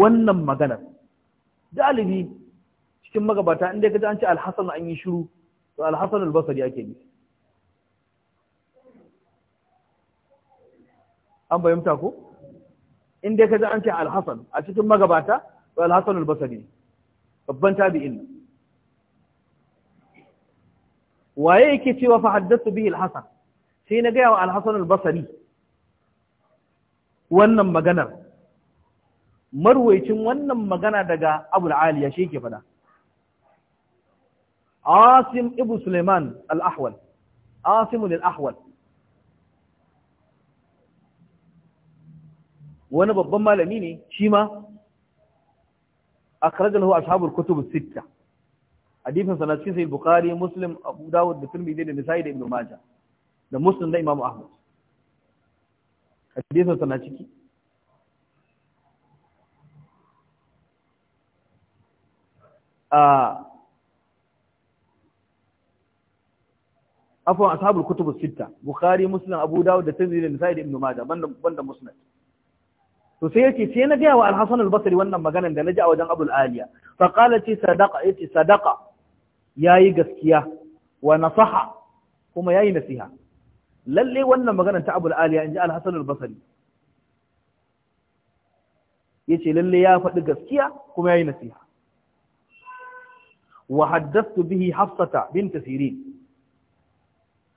S1: wannan maganar dalibi cikin magabata inda kaji an ce al-hasan an yi shiru to al-hasan al-basri ake bi an bayyanta ko inda kaji an ce al-hasan a cikin magabata to al-hasan al-basri babban tabi'in waye yake cewa fa haddathu bihi al-hasan sai na gaya wa al-hasan al-basri wannan maganar marwaicin wannan magana daga abul aliya shi yake fada asim ibn suleiman al-ahwal asim al-ahwal wani babban malami ne shi ma akhrajahu ashabul kutub as-sittah hadisin sana cikin sahih bukhari muslim abu dawud da tirmidhi da nisa'i da ibnu majah da muslim da imam ahmad hadisin sana ciki a afwan ashabul kutub sitta bukhari muslim abu dawud da tirmidhi da nisa'i da ibnu majah banda banda musnad to sai yake sai na ga wa al-hasan al-basri wannan maganar da naji a wajen abul aliya fa qala ti sadaqa sadaqa yayi gaskiya wa nasaha kuma yayi nasiha lalle wannan maganar ta Abu Aliya inji Al-Hasan al-Basri yace lalle ya faɗi gaskiya kuma yayi nasiha wa haddathtu bihi Hafsata bint Sirin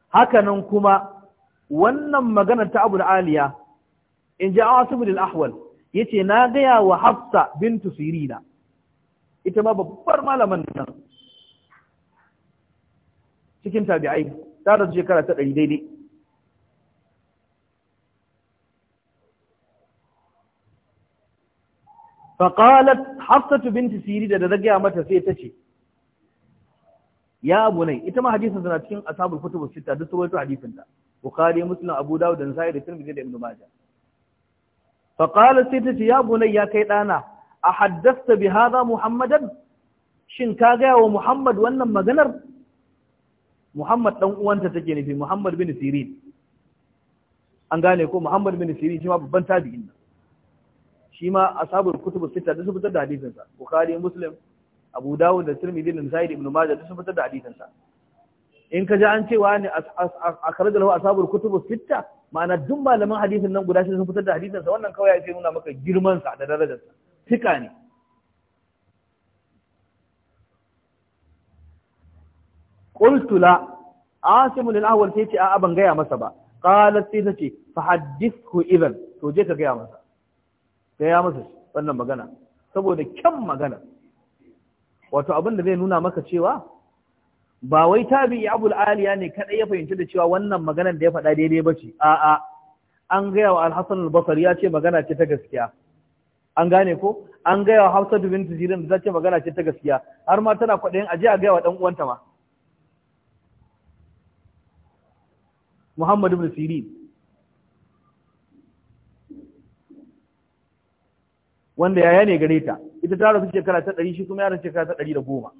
S1: hakanan kuma wannan maganar ta Abu Aliya inji Asib al-Ahwal yace na gaya wa Hafsa bint Sirina ita ma babbar malaman nan cikin tabi'ai ta rasu shekara ta ɗari daidai faƙalat Haftatu binti siri da da gaya mata sai ta ce ya abu nai ita ma suna cikin ashabul kutubus sita duk rawaito hadisin ta bukhari muslim abu dawud da nasai da tirmidhi da ibn majah sai ta ce ya abu nai ya kai dana a haddasta bi hadha muhammadan shin ka ga wa muhammad wannan maganar Muhammad ɗan uwanta take nufi Muhammad bin Sirin an gane ko Muhammad bin Sirin shi ma babban tabi'in nan shi ma ashabul kutubu sita da su fitar da hadisin sa Bukhari Muslim Abu Dawud da Tirmidhi da Nasa'i ibn Majah da su fitar da hadisin sa in ka ji an cewa ne akhraj lahu ashabul kutubu sita ma'ana duk malaman hadisin nan guda shi sun fitar da hadisin sa wannan kawai ya ce nuna maka girman sa da darajar sa fika ne qultu la asim lil ahwal sai ce a'a ban gaya masa ba qalat sai ta ce fa hadithhu idan to je ka gaya masa gaya masa wannan magana saboda kyan magana wato abin da zai nuna maka cewa ba wai tabi'i abul aliya ne kadai ya fahimci da cewa wannan maganar da ya faɗa daidai ba ce a'a an gaya wa al-hasan al-basri ya ce magana ce ta gaskiya an gane ko an gaya wa hafsatu bint zirin da ta ce magana ce ta gaskiya har ma tana kwaɗayin aje a gaya wa dan uwanta ma Muhammad ibn Sirin wanda yaya ne gare ta ita ta rasu shekara ta ɗari shi kuma 'yaran shekara ta ɗari da goma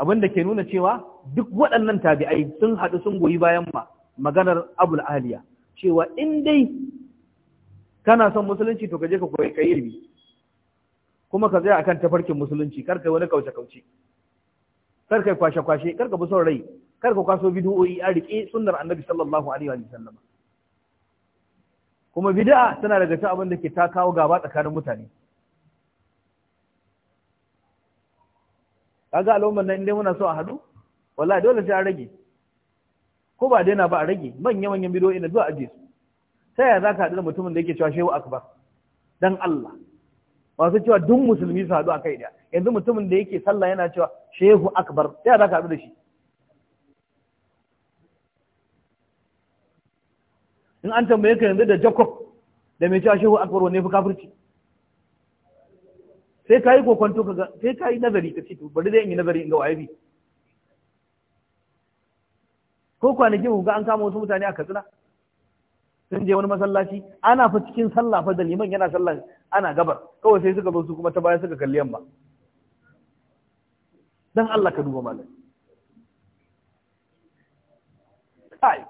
S1: abin da ke nuna cewa duk waɗannan tabi'ai sun haɗu sun goyi bayan ma maganar abul aliya cewa in dai kana son musulunci to ka je ka koyi kai ilimi kuma ka tsaya akan tafarkin musulunci kar kai wani kauce kauce kar kai kwashe kwashe kar ka bi son rai kar ka kwaso bid'o'i a rike sunnar annabi sallallahu alaihi wa sallam kuma bid'a tana daga cikin abin da ke ta kawo gaba tsakanin mutane kaga al'ummar nan indai muna so a hadu wallahi dole sai a rage ko ba daina ba a rage manya manyan bidiyoyi na zuwa ajiye su ta yaya zaka hadu da mutumin da yake cewa shehu akbar dan Allah masu cewa duk musulmi su haɗu a kai ɗaya yanzu mutumin da yake sallah yana cewa shehu akbar sai za ka haɗu da shi in an tambaye ka yanzu da jacob da mai cewa shehu akbar wanne fi kafirci sai ka yi kokonto ka ga, sai ka yi nazari ka ce to bari zai in yi nazari in ga waye bi ko kwanaki mu ga an kama wasu mutane a katsina sun je wani masallaci ana fa cikin sallah fa da liman yana sallah ana gabar kawai sai suka zo su kuma ta baya suka kalli yamma dan Allah ka duba malam kai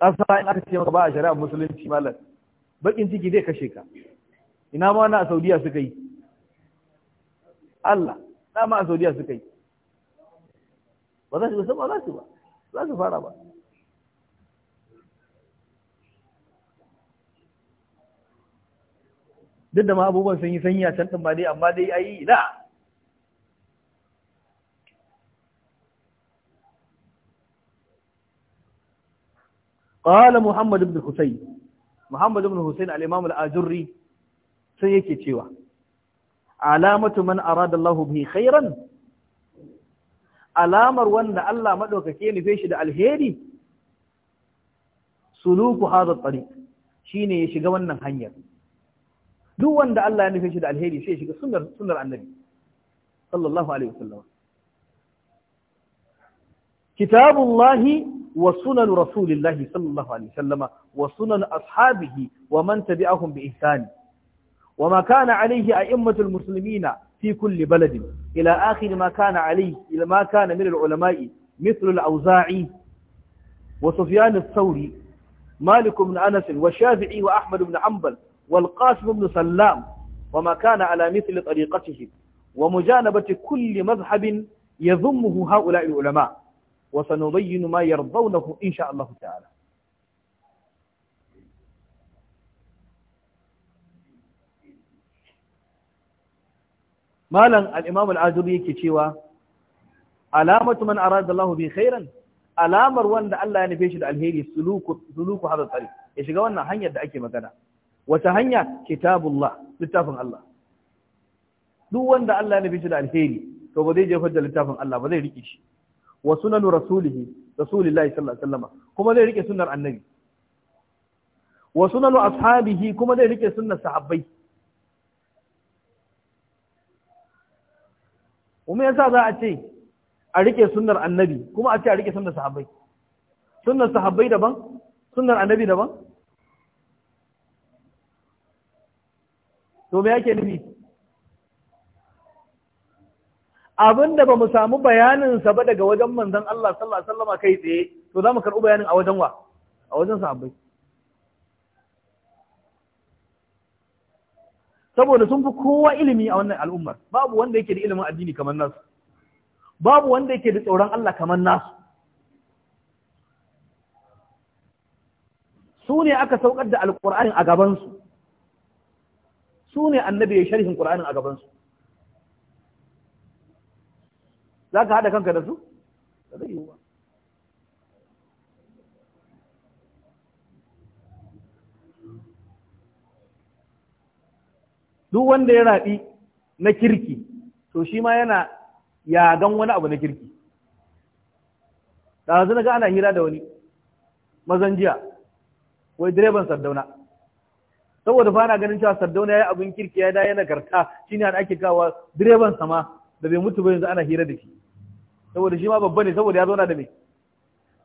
S1: asa in aka ce maka ba a shari'a musulunci malam bakin ciki zai kashe ka ina ma na a Saudiya suka yi Allah na ma a Saudiya suka yi ba za su ba za su ba za su fara ba duk da ma abubuwan sun yi sanyi a can ne amma dai a yi na ƙwala muhammad ibn hussein muhammad ibn yake cewa alamatu man aradalahu Allah bi khairan alamar wanda Allah maɗaukake nufe shi da alheri suluku hazar ɗari shi ne ya shiga wannan hanyar duk wanda Allah ya nufe shi da alheri sai ya shiga sunnar sunnar annabi sallallahu alaihi wasallam kitabullahi wa sunan rasulillahi sallallahu alaihi wasallam wa sunan ashabihi wa man tabi'ahum bi ihsan wa ma kana alaihi a'immatul muslimina fi kulli baladin ila akhir ma kana alaihi ila ma kana min al-ulama'i مثل الأوزاعي وسفيان الثوري مالك بن أنس والشافعي وأحمد بن حنبل والقاسم بن سلام وما كان على مثل طريقته ومجانبة كل مذهب يذمه هؤلاء العلماء وسنبين ما يرضونه إن شاء الله تعالى مالا الإمام العزبي كتوى علامة من أراد الله به خيرا علامة وأن الله ينفيش الألهيري سلوك, سلوك هذا الطريق إيش قولنا هنيا دعكي مكانا wata hanya kitabullah littafin Allah duk wanda Allah ya nufi da alheri to ba zai jefar da littafin Allah ba zai rike shi wa sunanu rasulihi rasulillahi sallallahu alaihi wasallam kuma zai rike sunnar annabi wa sunanu ashabihi kuma zai rike sunnar sahabbai kuma yasa za a ce a rike sunnar annabi kuma a ce a rike sunnar sahabbai sunnar sahabbai daban sunnar annabi daban to me yake nufi abin da ba mu samu bayaninsa ba daga wajen manzon Allah sallallahu alaihi wasallam kai tsaye to za mu karɓi bayanin a wajen wa a wajen sahabbai saboda sun fi kowa ilimi a wannan al'ummar babu wanda yake da ilimin addini kamar nasu babu wanda yake da tsoron Allah kamar nasu su ne aka saukar da alƙur'ani a gabansu su ne annabi ya sharhin qur'anin a gabansu. su zaka hada kanka da su duk wanda ya raɗi na kirki to shi ma yana yagan wani abu na kirki ɗazu na ga ana hira da wani mazan jiya wai direban sardauna saboda ba na ganin cewa sardauna ya yi abin kirki ya daya nagarta shi ne ake kawo direban sama da bai mutu ba yanzu ana hira da shi saboda shi ma babba ne saboda ya zauna da mai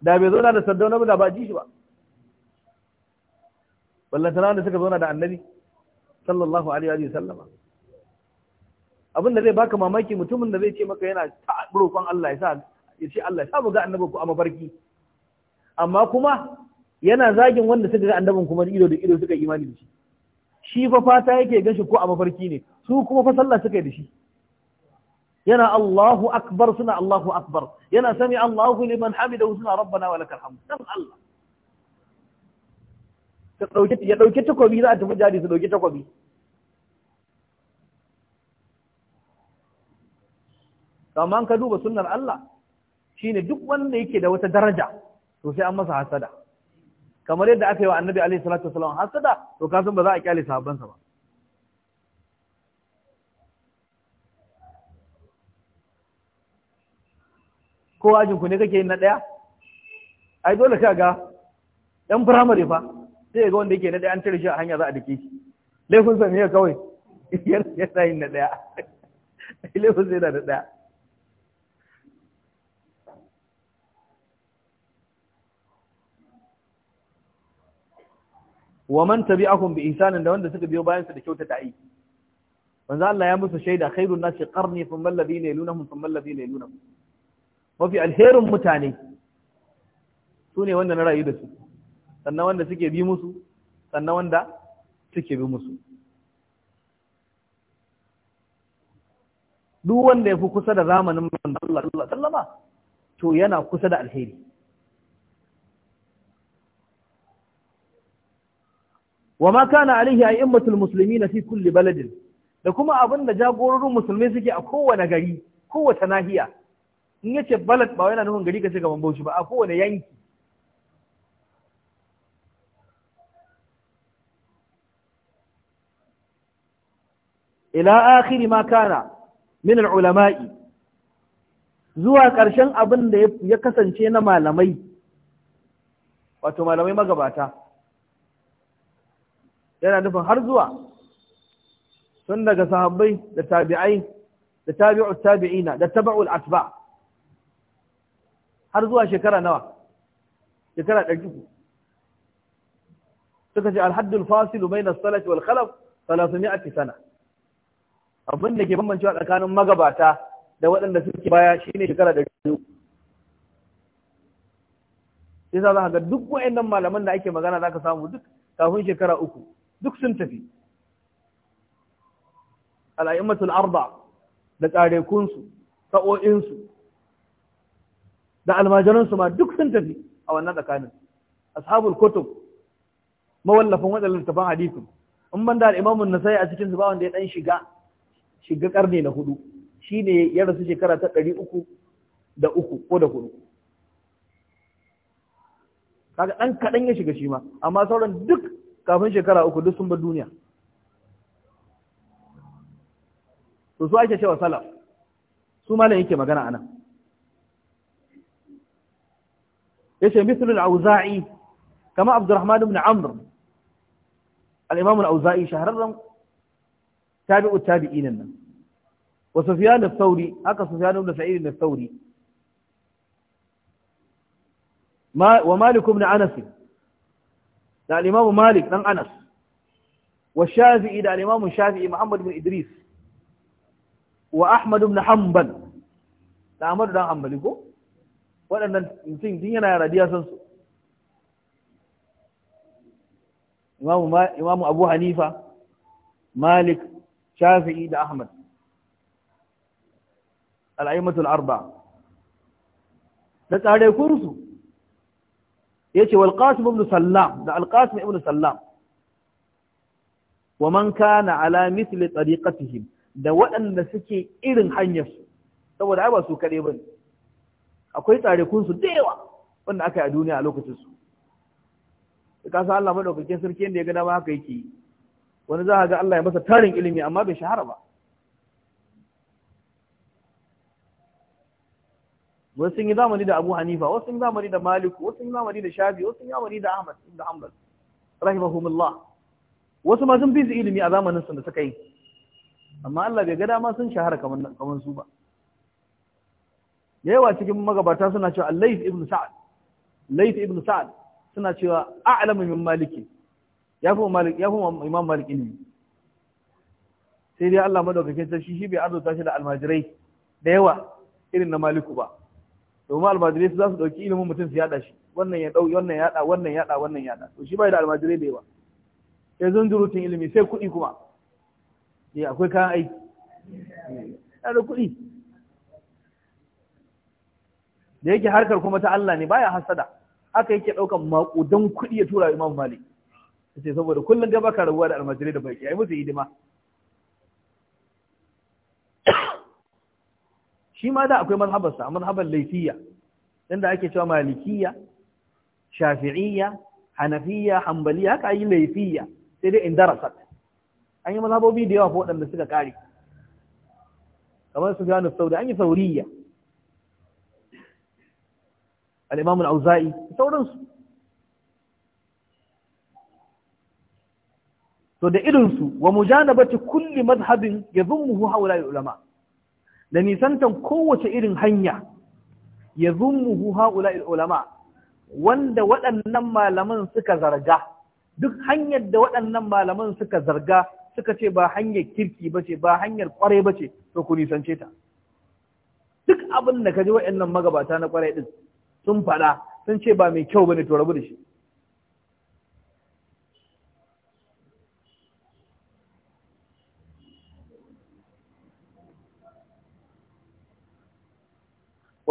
S1: da bai zauna da sardauna ba da ba ji shi ba ballantana wanda suka zauna da annabi sallallahu alaihi wa sallama abin da zai baka mamaki mutumin da zai ce maka yana roƙon Allah ya sa ya ce Allah ya sa mu ga annabi ku a mafarki amma kuma yana zagin wanda suka ga annabin kuma ido da ido suka imani da shi shi fa fata yake gashi ko a mafarki ne su kuma fa sallah suka yi da shi yana Allahu akbar suna Allahu akbar yana sami Allahu liman hamidahu suna rabbana wa lakal hamd dan Allah ya dauki takobi za a tafi jari su dauki takobi amma ka duba sunnar Allah shine duk wanda yake da wata daraja to sai an masa hasada kamar yadda aka yi wa annabi alaihi salatu wasallam hasada to ka san ba za a kyale sa ba ko ajin ku ne kake yin na daya ai dole ka ga dan primary fa sai ga wanda yake na daya an tare shi a hanya za a dake shi laifin sa ne kawai yana yin na daya laifin sa yana da daya wa man tabi'ahum bi ihsanin da wanda suka biyo bayan su da kyautata aiki manzo Allah ya musu shaida khairun nasi qarni thumma alladhina yalunhum thumma alladhina yalunhum mafi alherin mutane sune wanda na rayu da su sannan wanda suke bi musu sannan wanda suke bi musu duk wanda ya fi kusa da zamanin manzo Allah sallama to yana kusa da alheri wa ma kana alaihi a'immatul muslimina fi kulli baladin da kuma abin da jagororin musulmai suke a kowane gari kowace nahiya in yace balad ba yana nufin gari ka ce gaban Bauchi ba a kowane yanki ila akhiri ma kana min zuwa karshen abin da ya kasance na malamai wato malamai magabata yana nufin har zuwa tun daga sahabbai da tabi'ai da tabi'u tabi'ina da tabi'ul asba har zuwa shekara nawa shekara ɗari uku? suka ce alhaddul fasilu na Salatu wal khalaf 300 sana abin da ke bambancewa tsakanin magabata da waɗanda suke baya shine shekara ɗari uku. yasa za ka ga duk waɗannan malaman da ake magana za ka samu duk kafin shekara uku duk sun tafi al'a'immatul arba da tsarekunsu sa'o'insu da almajiransu ma duk sun tafi a wannan tsakanin ashabul kutub mawallafin waɗanda littafan hadithin in ban da al'imamun nasai a cikin ba wanda ya ɗan shiga shiga ƙarni na hudu shi ne ya rasu shekara ta ɗari uku da uku ko da hudu kaga ɗan kaɗan ya shiga shi ma amma sauran duk kafin shekara uku duk sun bar duniya to su ake cewa salaf su malam yake magana anan yace mithlul auza'i kama abdurrahman ibn amr al-imam al-auza'i shahararren tabi'u tabi'in nan wa sufyan al-thawri haka sufyan ibn sa'id al-thawri ma wa malik ibn anas da al-Imam Malik dan Anas wa Shafi'i da al-Imam Shafi'i Muhammad bin Idris wa Ahmad ibn Hanbal da Ahmad dan Hanbali ko wadannan mutum din yana radiya san su Imam Imam Abu Hanifa Malik Shafi'i da Ahmad al-a'immatul arba'a da tsare kursu yace wal qasim ibn sallam da al qasim ibn sallam wa man kana ala mithli tariqatihim da waɗanda suke irin hanyar su saboda ai ba su kade bane akwai tarikun su wanda aka yi a duniya a lokacin su ka san Allah madaukakin sarki inda ya ga dama haka yake wani za ga Allah ya masa tarin ilimi amma bai shahara ba wasu sun yi zamani da Abu Hanifa wasu sun yi zamani da Malik wasu sun yi zamani da Shafi wasu sun yi zamani da Ahmad ibn Hanbal rahimahumullah wasu ma sun fi su ilimi a zamanin sun da suka yi amma Allah bai ga dama sun shahara kamar su ba da yawa cikin magabata suna cewa Layth ibn Sa'ad Layth ibn Sa'ad suna cewa a'lamu min Maliki ya fi Malik ya fi Imam Malik ilimi sai dai Allah madaukakin sarki shi bai arzuta shi da almajirai da yawa irin na Maliku ba domin almajirai su za su ɗauki ilimin mutum su yaɗa shi wannan ya ɗau wannan ya yaɗa wannan ya yaɗa wannan ya yaɗa to shi bai da almajirai da yawa sai rutin ilimi sai kuɗi kuma eh akwai kayan aiki eh, yana da kuɗi da yake harkar kuma ta Allah ne baya hasada haka yake ɗaukan maƙudan kuɗi ya tura Imam Malik sai saboda kullum da baka rabuwa da almajirai da baki ai musu hidima shi ma da akwai mazhabarsa mazhabar laifiyya inda ake cewa malikiyya shafi'iyya hanafiyya hanbaliyya haka yi laifiyya sai dai indara sat an yi mazhabobi da yawa fa waɗanda suka kare kamar su gano sau an yi sauriyya al'imamun auza'i sauransu to da irinsu wa mujanabati kulli mazhabin ya zummuhu haula ulama da nisantan kowace irin hanya ya zummuhu haula ulama wanda waɗannan malaman suka zarga duk hanyar da waɗannan malaman suka zarga suka ce ba hanyar kirki ba ce ba hanyar kwarai ba ce to ku nisance ta duk abin da ka ji waɗannan magabata na kwarai din sun faɗa sun ce ba mai kyau ba ne to rabu da shi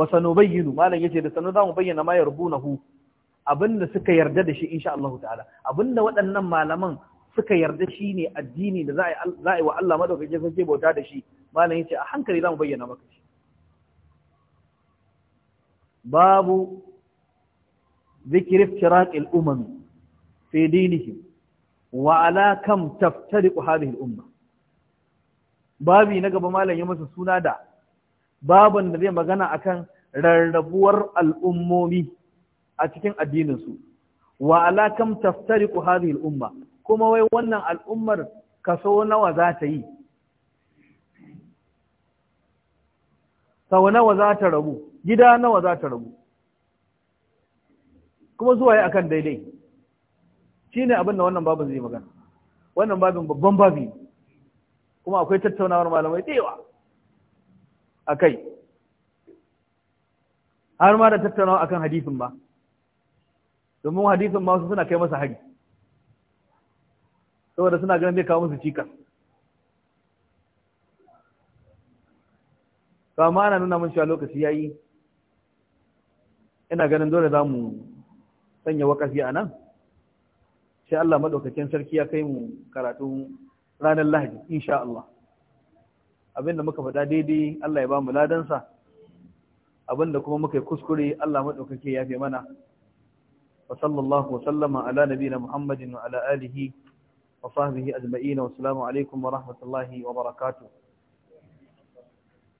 S1: wa sanubayyinu malam yace da sanu zamu bayyana ma yarbunahu abinda suka yarda da shi insha Allah ta'ala abinda waɗannan malaman suka yarda shi ne addini da za a yi wa Allah madaukakin ke bauta da shi malam yace a hankali zamu bayyana maka shi babu ذكر fi الأمم wa ala kam taftariqu hadhihi al umma babi na gaba malam ya masa suna da babin da zai magana akan rarrabuwar al'ummomi a cikin addininsu wa alakam taftariqu hadhihi al'umma kuma wai wannan al'ummar kaso nawa za ta yi sau nawa za ta rabu gida nawa za ta rabu kuma zuwa yi akan daidai shine abin da wannan babin zai magana wannan babin babban babi kuma akwai tattaunawar malamai da a har ma da tattaunawa akan hadisin ba domin hadisin ma su suna kai masa hari saboda suna ganin zai kawo musu cikas kama ana nuna mun cewa lokaci ya yi ina ganin dole za mu sanya wakafi a nan sai Allah maɗaukacin sarki ya kai mu karatu ranar lahadi insha Allah abinda muka faɗa daidai Allah ya ba mu ladansa abinda kuma muka yi kuskure Allah maɗaukake ya fi mana wa sallallahu wa ala nabina Muhammadin wa ala alihi wa sahbihi ajma'in wa alaikum wa rahmatullahi wa barakatuh